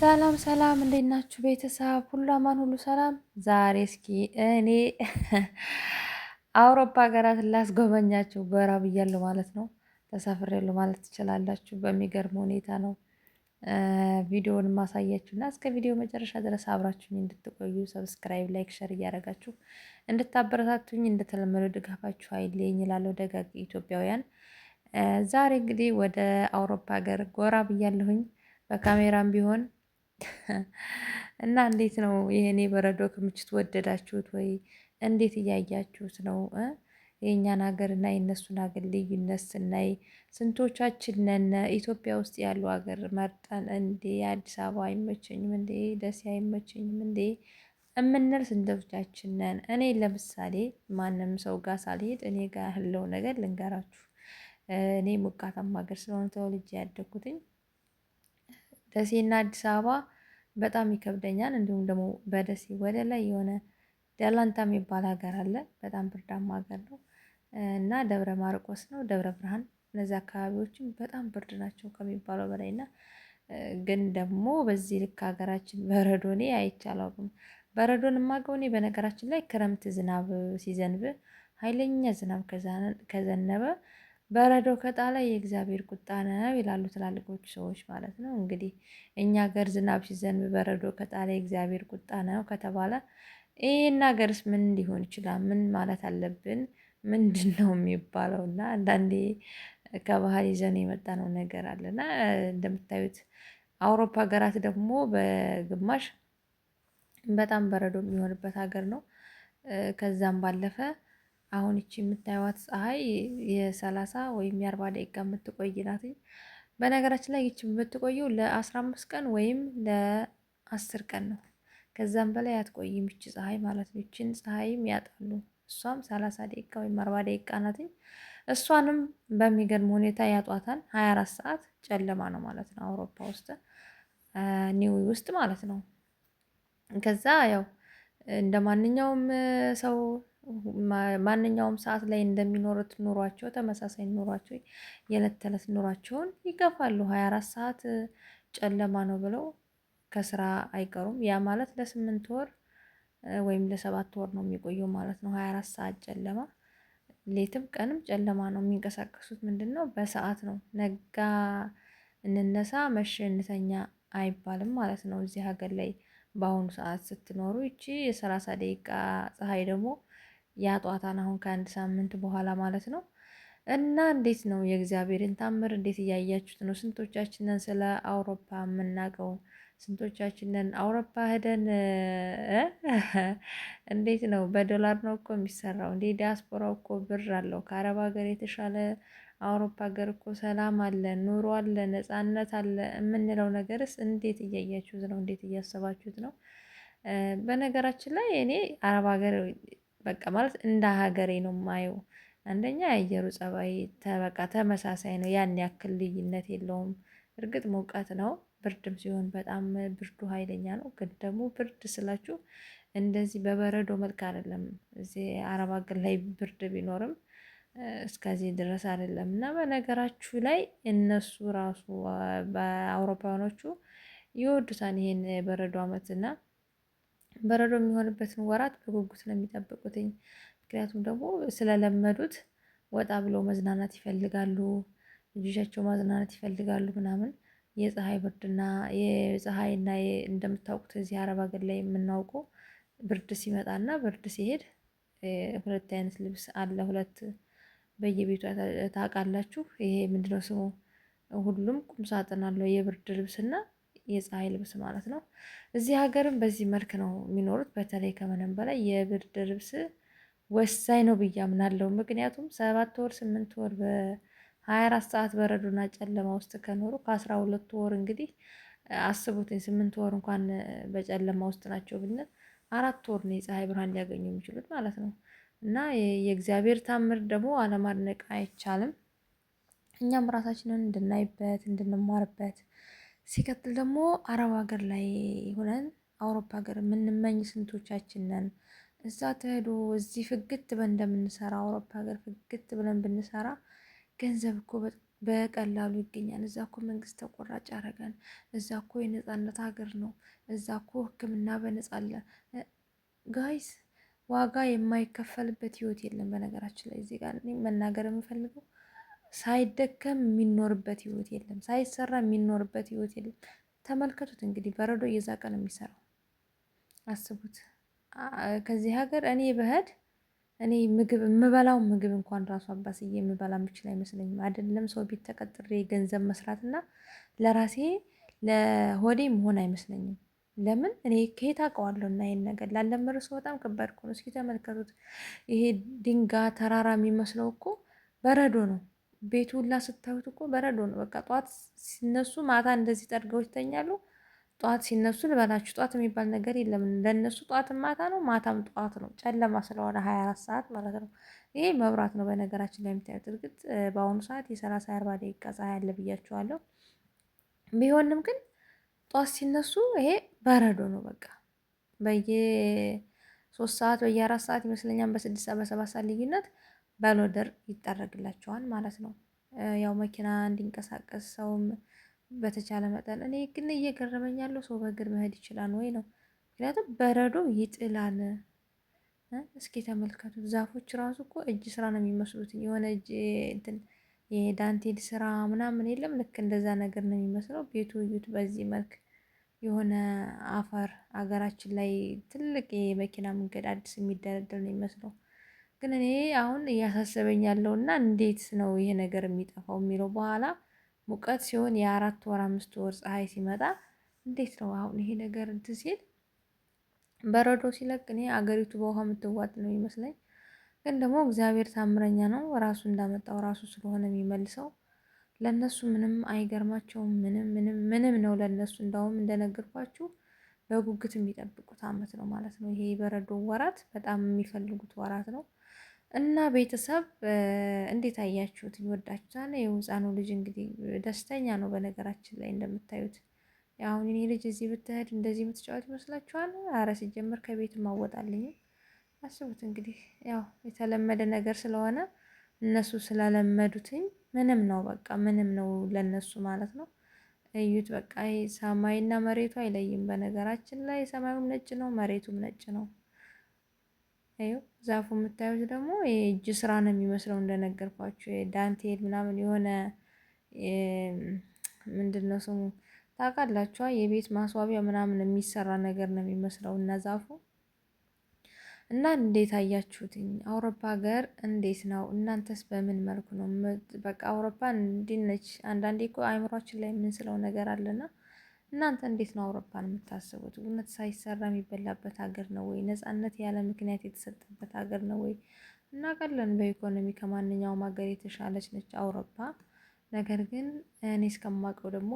ሰላም ሰላም፣ እንዴት ናችሁ ቤተሰብ? ሁሉ አማን፣ ሁሉ ሰላም። ዛሬ እስኪ እኔ አውሮፓ ሀገራት ላስጎበኛችሁ ጎራ ብያለሁ ማለት ነው። ተሳፍሬያለሁ ማለት ትችላላችሁ። በሚገርም ሁኔታ ነው ቪዲዮውን ማሳያችሁ እና እስከ ቪዲዮ መጨረሻ ድረስ አብራችሁኝ እንድትቆዩ ሰብስክራይብ፣ ላይክ፣ ሸር እያደረጋችሁ እንድታበረታቱኝ እንደተለመደው ድጋፋችሁ አይለኝ ይላለው ደጋግ ኢትዮጵያውያን ዛሬ እንግዲህ ወደ አውሮፓ ሀገር ጎራ ብያለሁኝ በካሜራም ቢሆን እና እንዴት ነው ይሄኔ በረዶ ክምችት ወደዳችሁት ወይ? እንዴት እያያችሁት ነው? የእኛን ሀገር እና የእነሱን ሀገር ልዩነት ስናይ ስንቶቻችን ነን ኢትዮጵያ ውስጥ ያሉ ሀገር መርጠን እንዴ አዲስ አበባ አይመቸኝም እንዴ ደሴ አይመቸኝም እንዴ እምንል ስንቶቻችን ነን? እኔ ለምሳሌ ማንም ሰው ጋር ሳልሄድ እኔ ጋር ያለው ነገር ልንገራችሁ። እኔ ሞቃታማ ሀገር ስለሆነ ተወልጄ ያደግኩትኝ ደሴና አዲስ አበባ በጣም ይከብደኛል። እንዲሁም ደግሞ በደሴ ወደ ላይ የሆነ ደላንታ የሚባል ሀገር አለ በጣም ብርዳማ ሀገር ነው። እና ደብረ ማርቆስ ነው ደብረ ብርሃን እነዚህ አካባቢዎችም በጣም ብርድ ናቸው ከሚባለው በላይ እና ግን ደግሞ በዚህ ልክ ሀገራችን በረዶ እኔ አይቼ በረዶን የማውቀው እኔ በነገራችን ላይ ክረምት ዝናብ ሲዘንብ ሀይለኛ ዝናብ ከዘነበ በረዶ ከጣለ የእግዚአብሔር ቁጣ ነው ይላሉ ትላልቆች ሰዎች ማለት ነው። እንግዲህ እኛ ሀገር ዝናብ ሲዘንብ በረዶ ከጣለ የእግዚአብሔር ቁጣ ነው ከተባለ ይህን ሀገርስ ምን ሊሆን ይችላል? ምን ማለት አለብን? ምንድን ነው የሚባለው? እና አንዳንዴ ከባህል ይዘን የመጣነው ነገር አለና እንደምታዩት አውሮፓ ሀገራት ደግሞ በግማሽ በጣም በረዶ የሚሆንበት ሀገር ነው። ከዛም ባለፈ አሁን እቺ የምታዩት ፀሐይ የሰላሳ ወይም የአርባ ደቂቃ የምትቆይ ናት። በነገራችን ላይ ይቺ የምትቆየው ለአስራ አምስት ቀን ወይም ለአስር ቀን ነው። ከዛም በላይ አትቆይም ይቺ ፀሐይ ማለት ነው። ይችን ፀሐይም ያጣሉ። እሷም ሰላሳ ደቂቃ ወይም አርባ ደቂቃ ናት። እሷንም በሚገርም ሁኔታ ያጧታል። ሀያ አራት ሰዓት ጨለማ ነው ማለት ነው አውሮፓ ውስጥ ኒው ውስጥ ማለት ነው። ከዛ ያው እንደ ማንኛውም ሰው ማንኛውም ሰዓት ላይ እንደሚኖሩት ኑሯቸው ተመሳሳይ ኑሯቸው የዕለት ተዕለት ኑሯቸውን ይገፋሉ። ሀያ አራት ሰዓት ጨለማ ነው ብለው ከስራ አይቀሩም። ያ ማለት ለስምንት ወር ወይም ለሰባት ወር ነው የሚቆየው ማለት ነው። ሀያ አራት ሰዓት ጨለማ ሌትም ቀንም ጨለማ ነው። የሚንቀሳቀሱት ምንድነው በሰዓት ነው። ነጋ እንነሳ መሸ እንተኛ አይባልም ማለት ነው። እዚህ ሀገር ላይ በአሁኑ ሰዓት ስትኖሩ ይቺ የሰላሳ ደቂቃ ፀሐይ ደግሞ ያጧታን አሁን ከአንድ ሳምንት በኋላ ማለት ነው። እና እንዴት ነው የእግዚአብሔርን ታምር እንዴት እያያችሁት ነው? ስንቶቻችንን ስለ አውሮፓ የምናውቀው? ስንቶቻችንን አውሮፓ ሄደን እንዴት ነው በዶላር ነው እኮ የሚሰራው። እንዴ ዲያስፖራው እኮ ብር አለው። ከአረብ ሀገር የተሻለ አውሮፓ ሀገር እኮ ሰላም አለ፣ ኑሮ አለ፣ ነጻነት አለ የምንለው ነገርስ እንዴት እያያችሁት ነው? እንዴት እያሰባችሁት ነው? በነገራችን ላይ እኔ አረብ ሀገር በቃ ማለት እንደ ሀገሬ ነው የማየው። አንደኛ የአየሩ ፀባይ በቃ ተመሳሳይ ነው ያን ያክል ልዩነት የለውም። እርግጥ ሙቀት ነው ብርድም ሲሆን በጣም ብርዱ ሀይለኛ ነው ግን ደግሞ ብርድ ስላችሁ እንደዚህ በበረዶ መልክ አይደለም እዚህ አረብ አገር ላይ ብርድ ቢኖርም እስከዚህ ድረስ አይደለም። እና በነገራችሁ ላይ እነሱ ራሱ በአውሮፓውያኖቹ ይወዱታል ይሄን በረዶ አመት እና በረዶ የሚሆንበትን ወራት በጉጉት ነው የሚጠብቁትኝ። ምክንያቱም ደግሞ ስለለመዱት ወጣ ብለው መዝናናት ይፈልጋሉ ልጆቻቸው ማዝናናት ይፈልጋሉ ምናምን የፀሐይ ብርድና የፀሐይና እንደምታውቁት እዚህ አረብ ሀገር ላይ የምናውቀው ብርድ ሲመጣና ብርድ ሲሄድ ሁለት አይነት ልብስ አለ። ሁለት በየቤቱ ታውቃላችሁ። ይሄ ምንድነው ስሙ? ሁሉም ቁም ሳጥን አለው የብርድ ልብስና የፀሐይ ልብስ ማለት ነው። እዚህ ሀገርም በዚህ መልክ ነው የሚኖሩት። በተለይ ከምንም በላይ የብርድ ልብስ ወሳኝ ነው ብዬ አምናለሁ። ምክንያቱም ሰባት ወር ስምንት ወር በሀያ አራት ሰዓት በረዶና ጨለማ ውስጥ ከኖሩ ከአስራ ሁለቱ ወር እንግዲህ አስቡት ስምንት ወር እንኳን በጨለማ ውስጥ ናቸው ብንል አራት ወር ነው የፀሐይ ብርሃን ሊያገኙ የሚችሉት ማለት ነው። እና የእግዚአብሔር ታምር ደግሞ አለማድነቅ አይቻልም። እኛም ራሳችንን እንድናይበት እንድንማርበት ሲቀጥል ደግሞ አረብ ሀገር ላይ ሆነን አውሮፓ ሀገር የምንመኝ ስንቶቻችን ነን? እዛ ተሄዶ እዚህ ፍግት ብለን እንደምንሰራ አውሮፓ ሀገር ፍግት ብለን ብንሰራ ገንዘብ እኮ በቀላሉ ይገኛል። እዛ እኮ መንግስት ተቆራጭ ያደርጋል። እዛ እኮ የነጻነት ሀገር ነው። እዛ እኮ ሕክምና በነጻ አለ። ጋይስ ዋጋ የማይከፈልበት ህይወት የለም። በነገራችን ላይ እዚህ ጋር መናገር የምፈልገው ሳይደከም የሚኖርበት ህይወት የለም። ሳይሰራ የሚኖርበት ህይወት የለም። ተመልከቱት እንግዲህ በረዶ እየዛቀ ነው የሚሰራው። አስቡት ከዚህ ሀገር እኔ በህድ እኔ ምግብ የምበላው ምግብ እንኳን ራሱ አባስዬ የምበላ የምችል አይመስለኝም። አይደለም ሰው ቤት ተቀጥሬ ገንዘብ መስራትና ለራሴ ለሆዴ መሆን አይመስለኝም። ለምን እኔ ከየት አውቀዋለሁ? እና ይህን ነገር ላለመደ ሰው በጣም ከባድ እኮ ነው። እስኪ ተመልከቱት። ይሄ ድንጋይ ተራራ የሚመስለው እኮ በረዶ ነው። ቤቱ ሁላ ስታዩት እኮ በረዶ ነው። በቃ ጠዋት ሲነሱ ማታ እንደዚህ ጠርገው ይተኛሉ። ጠዋት ሲነሱ ልበላችሁ ጠዋት የሚባል ነገር የለም ለእነሱ ጠዋት ማታ ነው፣ ማታም ጠዋት ነው። ጨለማ ስለሆነ ሀያ አራት ሰዓት ማለት ነው። ይሄ መብራት ነው በነገራችን ላይ የምታዩት። እርግጥ በአሁኑ ሰዓት የሰላሳ አርባ ደቂቃ ፀሐይ አለ ብያችኋለሁ። ቢሆንም ግን ጠዋት ሲነሱ ይሄ በረዶ ነው። በቃ በየ ሶስት ሰዓት በየአራት ሰዓት ይመስለኛል በስድስት ሰዓት በሰባት ሰዓት ልዩነት ባሎደር ይጠረግላቸዋል ማለት ነው። ያው መኪና እንዲንቀሳቀስ ሰውም በተቻለ መጠን እኔ ግን እየገረመኝ ያለው ሰው በእግር መሄድ ይችላል ወይ ነው። ምክንያቱም በረዶ ይጥላል። እስኪ ተመልከቱ፣ ዛፎች ራሱ እኮ እጅ ስራ ነው የሚመስሉት። የሆነ እጅ እንትን የዳንቴል ስራ ምናምን የለም። ልክ እንደዛ ነገር ነው የሚመስለው። ቤቱ እዩት፣ በዚህ መልክ የሆነ አፈር አገራችን ላይ ትልቅ የመኪና መንገድ አዲስ የሚደረደር ነው የሚመስለው። ግን እኔ አሁን እያሳሰበኝ ያለው እና እንዴት ነው ይሄ ነገር የሚጠፋው የሚለው በኋላ ሙቀት ሲሆን የአራት ወር አምስት ወር ፀሐይ ሲመጣ እንዴት ነው አሁን ይሄ ነገር እንትን ሲል በረዶ ሲለቅ እኔ አገሪቱ በውሃ የምትዋጥ ነው ይመስለኝ። ግን ደግሞ እግዚአብሔር ታምረኛ ነው። ራሱ እንዳመጣው ራሱ ስለሆነ የሚመልሰው ለእነሱ ምንም አይገርማቸውም። ምንም ምንም ምንም ነው ለእነሱ እንዳውም እንደነገርኳችሁ በጉጉት የሚጠብቁት አመት ነው ማለት ነው። ይሄ የበረዶ ወራት በጣም የሚፈልጉት ወራት ነው። እና ቤተሰብ እንዴት አያችሁት? ይወዳችሁታል። የህፃኑ ልጅ እንግዲህ ደስተኛ ነው። በነገራችን ላይ እንደምታዩት አሁን እኔ ልጅ እዚህ ብትሄድ እንደዚህ የምትጫወት ይመስላችኋል? አረ ሲጀምር ከቤት ማወጣልኝም አስቡት እንግዲህ ያው የተለመደ ነገር ስለሆነ እነሱ ስላለመዱትኝ ምንም ነው በቃ ምንም ነው ለነሱ ማለት ነው። እዩት በቃ ሰማይና መሬቱ አይለይም። በነገራችን ላይ ሰማዩም ነጭ ነው፣ መሬቱም ነጭ ነው። ይኸው ዛፉ የምታዩት ደግሞ የእጅ ስራ ነው የሚመስለው እንደነገርኳችሁ ዳንቴል ምናምን የሆነ ምንድን ነው ስሙ ታውቃላችኋ? የቤት ማስዋቢያ ምናምን የሚሰራ ነገር ነው የሚመስለው እና ዛፉ እና እንዴት አያችሁትኝ? አውሮፓ ሀገር እንዴት ነው? እናንተስ በምን መልኩ ነው? በቃ አውሮፓ እንዲነች አንዳንዴ እኮ አይምሯችን ላይ የምንስለው ነገር አለና እናንተ እንዴት ነው አውሮፓን የምታስቡት? እውነት ሳይሰራ የሚበላበት ሀገር ነው ወይ? ነጻነት ያለ ምክንያት የተሰጠበት ሀገር ነው ወይ? እናውቃለን በኢኮኖሚ ከማንኛውም ሀገር የተሻለች ነች አውሮፓ። ነገር ግን እኔ እስከማውቀው ደግሞ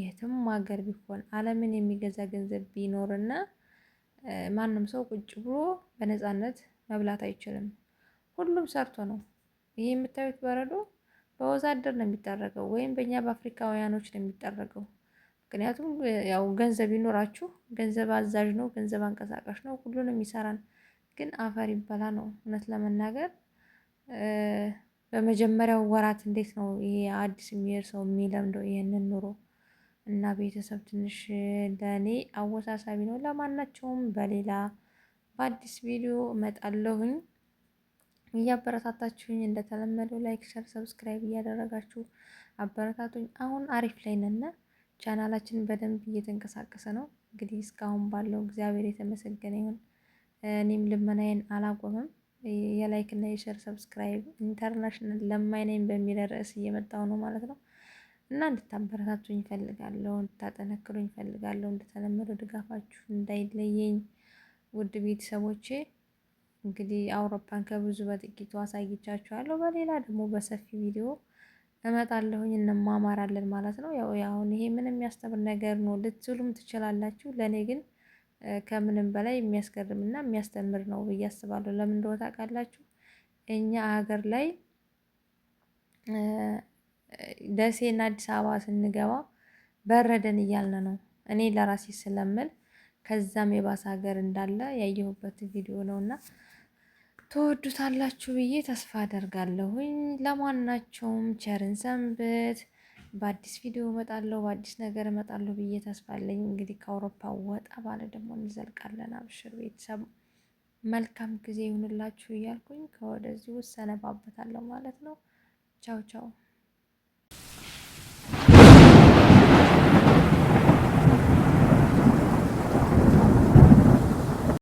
የትም ሀገር ቢሆን ዓለምን የሚገዛ ገንዘብ ቢኖርና ማንም ሰው ቁጭ ብሎ በነጻነት መብላት አይችልም። ሁሉም ሰርቶ ነው። ይህ የምታዩት በረዶ በወዛደር ነው የሚጠረገው፣ ወይም በእኛ በአፍሪካውያኖች ነው የሚጠረገው። ምክንያቱም ያው ገንዘብ ይኖራችሁ፣ ገንዘብ አዛዥ ነው፣ ገንዘብ አንቀሳቃሽ ነው፣ ሁሉንም ይሰራል። ግን አፈር ይበላ ነው እውነት ለመናገር በመጀመሪያው ወራት እንዴት ነው ይሄ አዲስ የሚሄድ ሰው የሚለምደው ይህንን ኑሮ እና ቤተሰብ ትንሽ ለእኔ አወሳሳቢ ነው። ለማናቸውም በሌላ በአዲስ ቪዲዮ እመጣለሁኝ። እያበረታታችሁኝ እንደተለመደው ላይክ፣ ሸር፣ ሰብስክራይብ እያደረጋችሁ አበረታቱኝ። አሁን አሪፍ ላይ ነን። ቻናላችን በደንብ እየተንቀሳቀሰ ነው። እንግዲህ እስካሁን ባለው እግዚአብሔር የተመሰገነ ይሁን። እኔም ልመናዬን አላቆምም። የላይክ እና የሸር ሰብስክራይብ ኢንተርናሽናል ለማይነኝ በሚል ርዕስ እየመጣው ነው ማለት ነው እና እንድታበረታቱኝ እፈልጋለሁ፣ እንድታጠነክሩኝ እፈልጋለሁ። እንደተለመደው ድጋፋችሁ እንዳይለየኝ ውድ ቤተሰቦቼ። እንግዲህ አውሮፓን ከብዙ በጥቂቱ አሳይቻችኋለሁ። በሌላ ደግሞ በሰፊ ቪዲዮ እመጣለሁኝ እንማማራለን ማለት ነው። ያው አሁን ይሄ ምንም የሚያስተምር ነገር ነው ልትሉም ትችላላችሁ። ለኔ ግን ከምንም በላይ የሚያስገርምና የሚያስተምር ነው ብዬ አስባለሁ። ለምን እንደሆነ ታውቃላችሁ? እኛ ሀገር ላይ ደሴና አዲስ አበባ ስንገባ በረደን እያልን ነው። እኔ ለራሴ ስለምል ከዛም የባሰ ሀገር እንዳለ ያየሁበት ቪዲዮ ነው እና ተወዱታላችሁ ብዬ ተስፋ አደርጋለሁኝ። ለማናቸውም ቸርን ሰንብት። በአዲስ ቪዲዮ እመጣለሁ፣ በአዲስ ነገር እመጣለሁ ብዬ ተስፋ አለኝ። እንግዲህ ከአውሮፓ ወጣ ባለ ደግሞ እንዘልቃለን። አብሽር ቤተሰብ መልካም ጊዜ ይሁንላችሁ እያልኩኝ ከወደዚህ ውሰነባበታለሁ ማለት ነው። ቻው ቻው።